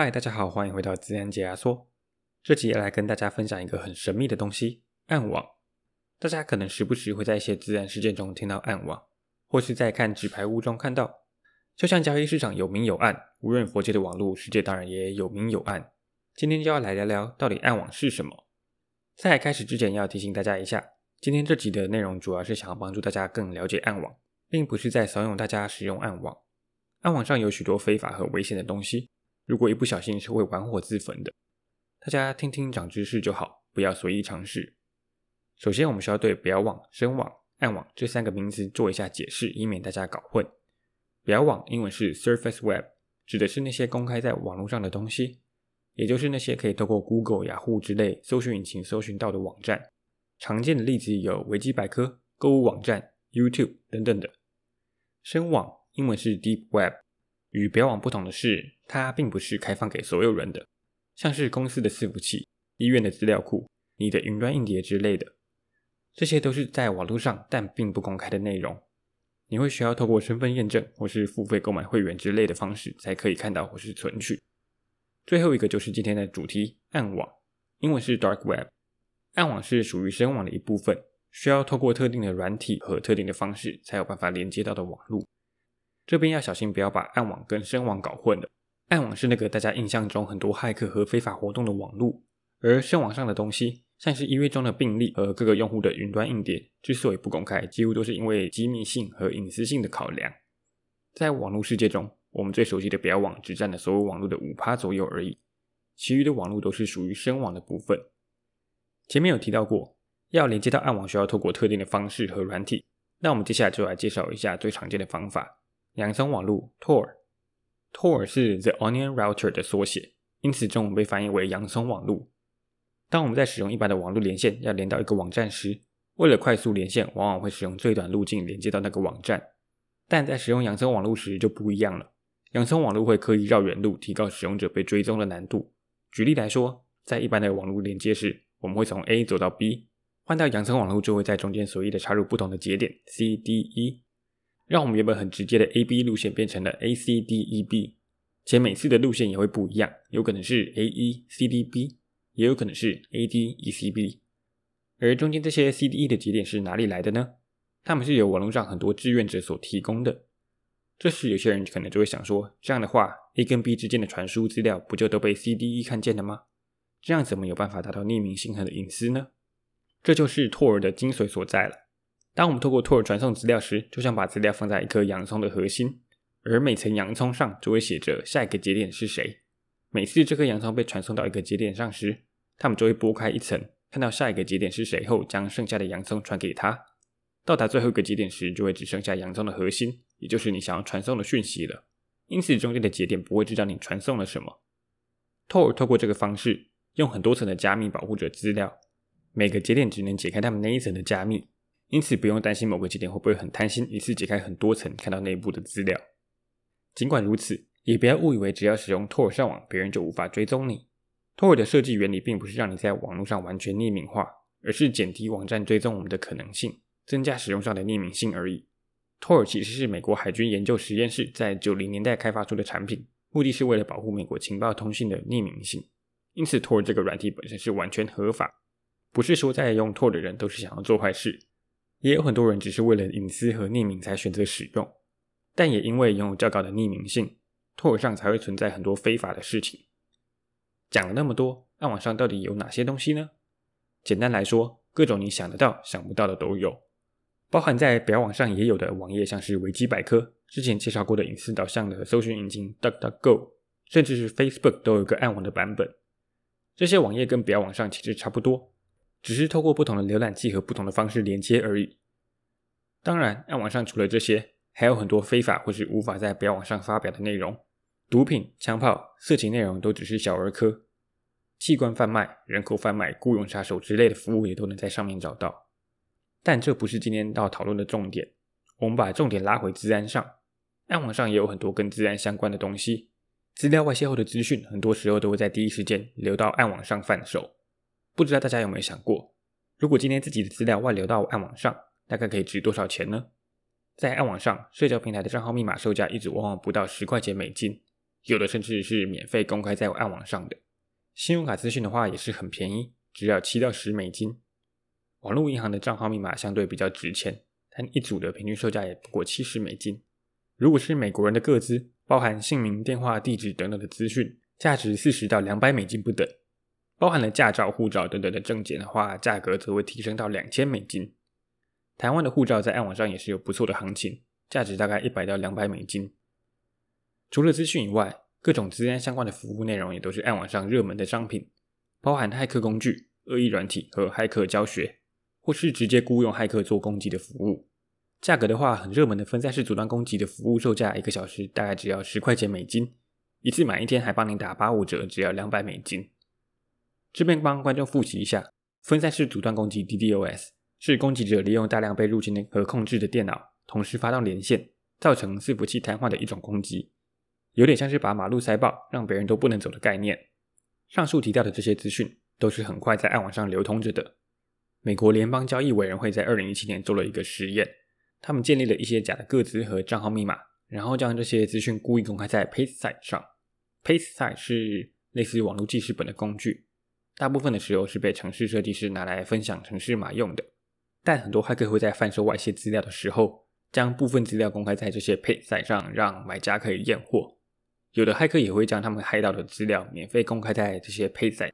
嗨，大家好，歡迎回到資安解壓縮。這集要來跟大家分享一個很神秘的東西——暗網。大家可能時不時會在一些資安事件中聽到暗網，或是在看紙牌屋中看到。就像交易市場有明有暗，無遠弗屆的網絡世界，當然也有明有暗。今天就要來聊聊到底暗網是什麼。在開始之前，要提醒大家一下，今天這集的內容主要是想要幫助大家更了解暗網，並不是在慫恿大家使用暗網。暗網上有許多非法和危險的東西。如果一不小心是會玩火自焚的，大家聽聽長知識就好，不要隨意嘗試。首先，我們需要對“表網”、“深網”、“暗網”這三個名詞做一下解釋，以免大家搞混。“表網”英文是 Surface Web，指的是那些公開在網絡上的東西，也就是那些可以透過 Google、雅虎之類搜尋引擎搜尋到的網站。常見的例子有維基百科、購物網站、YouTube 等等的。“深網”英文是 Deep Web。與表網不同的是，它並不是開放給所有人的，像是公司的伺服器、醫院的資料庫、你的雲端硬碟之類的，這些都是在網路上但並不公開的內容。你會需要透過身份驗證或是付費購買會員之類的方式，才可以看到或是存取。最後一個就是今天的主題，暗網，英文是 Dark Web。暗網是屬於深網的一部分，需要透過特定的軟體和特定的方式，才有辦法連接到的網路。這邊要小心，不要把暗網跟深網搞混了。暗網是那個大家印象中很多駭客和非法活動的網絡，而深網上的東西像是醫院中的病歷和各個用戶的雲端硬碟，之所以不公開，幾乎都是因為機密性和隱私性的考量。在網絡世界中，我們最熟悉的表網只占了所有網絡的五趴左右而已，其餘的網絡都是屬於深網的部分。前面有提到過，要連接到暗網需要透過特定的方式和軟體，那我們接下來就來介紹一下最常見的方法。洋蔥網路 （Tor），Tor Tor 是 The Onion Router 的縮寫，因此中文被翻譯為洋蔥網路。當我們在使用一般的網路連線要連到一個網站時，為了快速連線，往往會使用最短路徑連接到那個網站。但在使用洋蔥網路時就不一樣了，洋蔥網路會刻意繞遠路，提高使用者被追蹤的難度。舉例來說，在一般的網路連接時，我們會從 A 走到 B，換到洋蔥網路就會在中間隨意的插入不同的節點 C、D、E。讓我們原本很直接的 A-B 路線變成了 A-C-D-E-B，且每次的路線也會不一樣，有可能是 A-E-C-D-B，也有可能是 A-D-E-C-B。而中間這些 CDE 的節點是哪裡來的呢？它們是由網絡上很多志願者所提供的。這時有些人可能就會想說，這樣的話，A 跟 B 之間的傳輸資料不就都被 CDE 看見了嗎？這樣怎麼有辦法達到匿名性和隱私呢？這就是托兒的精髓所在了。當我們透過托爾傳送資料時，就像把資料放在一顆洋蔥的核心，而每層洋蔥上就會寫着下一個節點是誰。每次這顆洋蔥被傳送到一個節點上時，他們就會剝開一層，看到下一個節點是誰後，將剩下的洋蔥傳給他。到達最後一個節點時，就會只剩下洋蔥的核心，也就是你想要傳送的訊息了。因此，中間的節點不會知道你傳送了什麼。托爾透過這個方式，用很多層的加密保護着資料，每個節點只能解開他們那一層的加密。因此，不用擔心某個節點會不會很貪心，一次解開很多層，看到內部的資料。儘管如此，也不要誤以為只要使用托爾上網，別人就無法追蹤你。托爾的設計原理並不是讓你在網絡上完全匿名化，而是減低網站追蹤我們的可能性，增加使用上的匿名性而已。托爾其實是美國海軍研究實驗室在九零年代開發出的產品，目的是為了保護美國情報通信的匿名性。因此托爾這個軟體本身是完全合法，不是說在用托爾的人都是想要做壞事。也有很多人只是為了隱私和匿名才選擇使用，但也因為擁有較高的匿名性，Tor 上才會存在很多非法的事情。講了那麼多，暗網上到底有哪些東西呢？簡單來說，各種你想得到想不到的都有，包含在表網上也有的網頁，像是維基百科、之前介紹過的隱私導向的搜尋引擎 Duck Duck Go，甚至是 Facebook 都有一個暗網的版本。這些網頁跟表網上其實差不多。只是透過不同的瀏覽器和不同的方式連接而已。當然，暗網上除了這些，還有很多非法或是無法在表網上發表的內容，毒品、槍炮、色情內容都只是小兒科。器官販賣、人口販賣、僱傭殺手之類的服務也都能在上面找到。但這不是今天要討論的重點。我們把重點拉回資安上，暗網上也有很多跟資安相關的東西。資料外泄後的資訊，很多時候都會在第一時間流到暗網上販售。不知道大家有沒有想過，如果今天自己的資料外流到我暗網上，大概可以值多少錢呢？在暗網上，社交平台的賬號密碼售價一組往往不到十塊錢美金，有的甚至是免費公開在我暗網上的。信用卡資訊的話也是很便宜，只要七到十美金。網絡銀行的賬號密碼相對比較值錢，但一組的平均售價也不過七十美金。如果是美國人的個資，包含姓名、電話、地址等等的資訊，價值四十到兩百美金不等。包含了駕照、護照等等的證件的話，價格則會提升到兩千美金。台灣的護照在暗網上也是有不錯的行情，價值大概一百到兩百美金。除了資訊以外，各種資安相關的服務內容也都是暗網上熱門的商品，包含駭客工具、惡意軟體和駭客教學，或是直接僱用駭客做攻擊的服務。價格的話，很熱門的分散式阻斷攻擊的服務售價一個小時大概只要十塊錢美金，一次滿一天還幫您打八五折，只要兩百美金。順便幫觀眾複習一下：分散式阻斷攻擊 （DDoS） 是攻擊者利用大量被入侵和控制的電腦，同時發動連線，造成伺服器癱瘓的一種攻擊，有點像是把馬路塞爆，讓別人都不能走的概念。上述提到的這些資訊都是很快在暗網上流通着的。美國聯邦交易委員會在二零一七年做了一個實驗，他們建立了一些假的個資和賬號密碼，然後將這些資訊故意公開在 Paste Site 上。Paste Site 是類似網絡記事本的工具。大部分的時候是被程式設計師拿來分享程式碼用的，但很多駭客會在販售外洩資料的時候，將部分資料公開在這些 Paste Site 上，讓買家可以驗貨。有的駭客也會將他們駭到的資料免費公開在這些 Paste Site。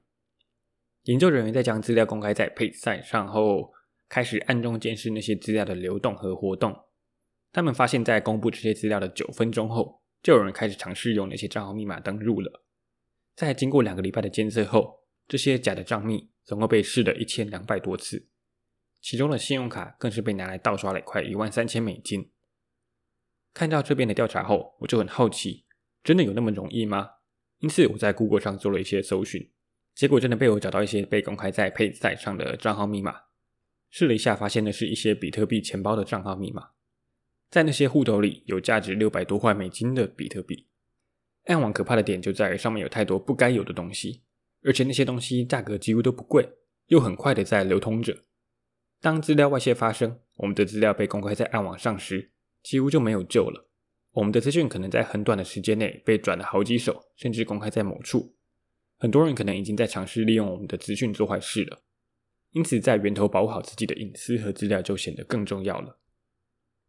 研究人員在將資料公開在 Paste Site 上後，開始暗中監視那些資料的流動和活動。他們發現在公布這些資料的九分鐘後，就有人開始嘗試用那些賬號密碼登錄了。在經過兩個禮拜的監測後，這些假的賬密總共被試了一千兩百多次，其中的信用卡更是被拿來盜刷了快一萬三千美金。看到這邊的調查後，我就很好奇，真的有那麼容易嗎？因此，我在 Google 上做了一些搜尋，結果真的被我找到一些被公開在配載上的賬號密碼。試了一下，發現的是一些比特幣錢包的賬號密碼，在那些戶頭裡有價值六百多塊美金的比特幣。暗網可怕的點就在於上面有太多不該有的東西。而且那些東西價格幾乎都不貴，又很快的在流通着。當資料外泄發生，我們的資料被公開在暗網上時，幾乎就沒有救了。我們的資訊可能在很短的時間內被轉了好幾手，甚至公開在某處。很多人可能已經在嘗試利用我們的資訊做壞事了。因此，在源頭保護好自己的隱私和資料就顯得更重要了。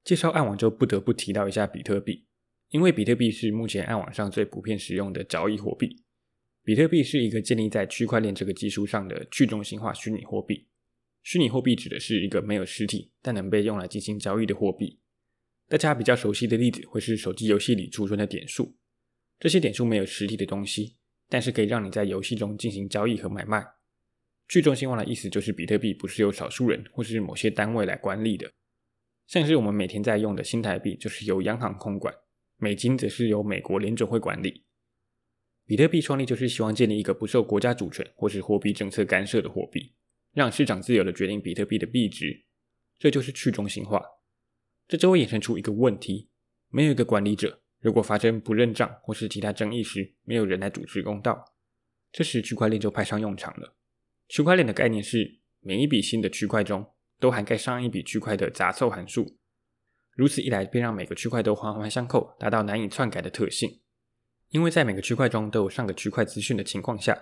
介紹暗網就不得不提到一下比特幣，因為比特幣是目前暗網上最普遍使用的交易貨幣。比特幣是一個建立在區塊鏈這個技術上的去中心化虛擬貨幣。虛擬貨幣指的是一個沒有實體但能被用來進行交易的貨幣。大家比較熟悉的例子會是手機遊戲裡儲存的點數，這些點數沒有實體的東西，但是可以讓你在遊戲中進行交易和買賣。去中心化的意思就是比特幣不是由少數人或是某些單位來管理的，像是我們每天在用的新台幣就是由央行控管，美金則是由美國聯準會管理。比特幣創立就是希望建立一個不受國家主權或是貨幣政策干涉的貨幣，讓市場自由地決定比特幣的幣值，這就是去中心化。這就會衍生出一個問題：沒有一個管理者，如果發生不認賬或是其他爭議時，沒有人來主持公道。這時區塊鏈就派上用場了。區塊鏈的概念是，每一筆新的區塊中都涵蓋上一筆區塊的雜湊函數，如此一來便讓每個區塊都環環相扣，達到難以篡改的特性。因為在每個區塊中都有上個區塊資訊的情況下，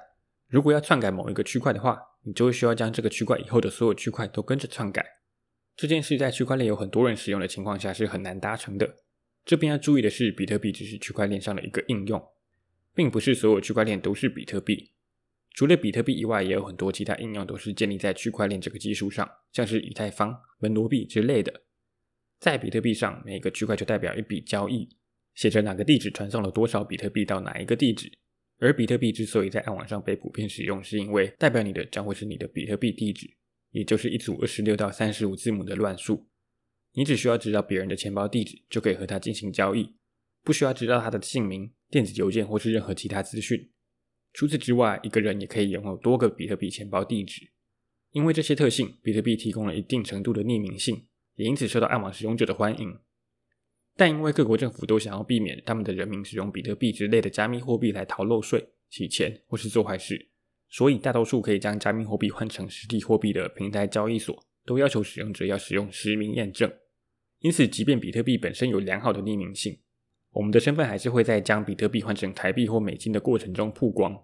如果要篡改某一個區塊的話，你就會需要將這個區塊以後的所有區塊都跟着篡改。這件事在區塊鏈有很多人使用的情況下是很難達成的。這邊要注意的是，比特幣只是區塊鏈上的一個應用，並不是所有區塊鏈都是比特幣。除了比特幣以外，也有很多其他應用都是建立在區塊鏈這個技術上，像是以太坊、門羅幣之類的。在比特幣上，每個區塊就代表一筆交易，寫着哪個地址傳送了多少比特幣到哪一個地址，而比特幣之所以在暗網上被普遍使用，是因為代表你的將會是你的比特幣地址，也就是一組二十六到三十五字母的亂數。你只需要知道別人的錢包地址，就可以和他進行交易，不需要知道他的姓名、電子郵件或是任何其他資訊。除此之外，一個人也可以擁有多個比特幣錢包地址。因為這些特性，比特幣提供了一定程度的匿名性，也因此受到暗網使用者的歡迎。但因為各國政府都想要避免他們的人民使用比特幣之類的加密貨幣來逃漏稅、洗錢或是做壞事，所以大多數可以將加密貨幣換成實體貨幣的平台交易所都要求使用者要使用實名驗證。因此，即便比特幣本身有良好的匿名性，我們的身份還是會在將比特幣換成台幣或美金的過程中曝光。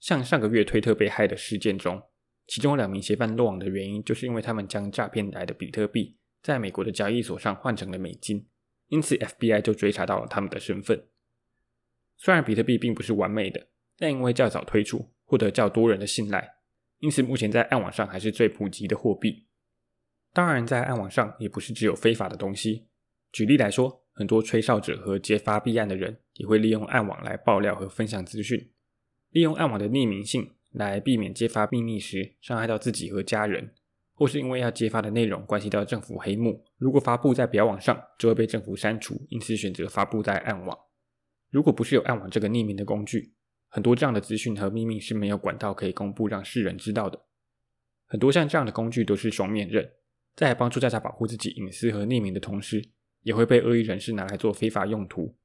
像上個月推特被駭的事件中，其中有兩名嫌犯落網的原因就是因為他們將詐騙來的比特幣在美國的交易所上換成了美金。因此，FBI 就追查到了他們的身份。雖然比特幣並不是完美的，但因為較早推出，獲得較多人的信賴，因此目前在暗網上還是最普及的貨幣。當然，在暗網上也不是只有非法的東西。舉例來說，很多吹哨者和揭發弊案的人也會利用暗網來爆料和分享資訊，利用暗網的匿名性來避免揭發秘密時傷害到自己和家人。或是因為要揭發的內容關係到政府黑幕，如果發布在表網上，就會被政府刪除，因此選擇發布在暗網。如果不是有暗網這個匿名的工具，很多這樣的資訊和秘密是沒有管道可以公布讓世人知道的。很多像這樣的工具都是雙面刃，在幫助大家保護自己隱私和匿名的同時，也會被惡意人士拿來做非法用途。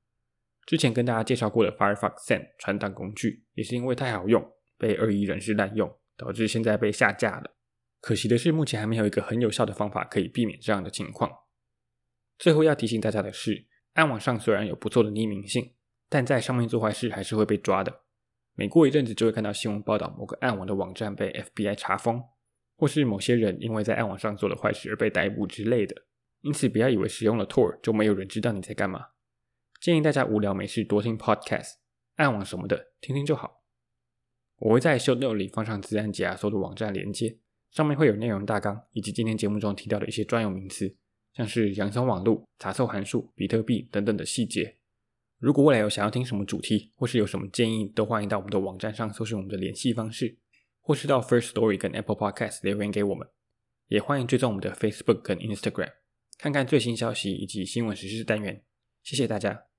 之前跟大家介紹過的 Firefox Send 傳檔工具，也是因為太好用，被惡意人士濫用，導致現在被下架了。可惜的是，目前還沒有一個很有效的方法可以避免這樣的情況。最後要提醒大家的是，暗網上雖然有不錯的匿名性，但在上面做壞事還是會被抓的。每過一陣子就會看到新聞報道某個暗網的網站被 FBI 查封，或是某些人因為在暗網上做了壞事而被逮捕之類的。因此，不要以為使用了 Tor 就沒有人知道你在幹嘛。建議大家無聊沒事多聽 podcast，暗網什麼的聽聽就好。我會在 show note 裡放上資安解壓縮的網站連接。上面會有內容大綱，以及今天節目中提到的一些專有名詞，像是洋蔥網絡、雜湊函數、比特幣等等的細節。如果未來有想要聽什麼主題，或是有什麼建議，都歡迎到我們的網站上搜尋我們的聯繫方式，或是到 Firstory 跟 Apple Podcast 留言給我們。也歡迎追蹤我們的 Facebook 跟 Instagram，看看最新消息以及新聞時事單元。謝謝大家。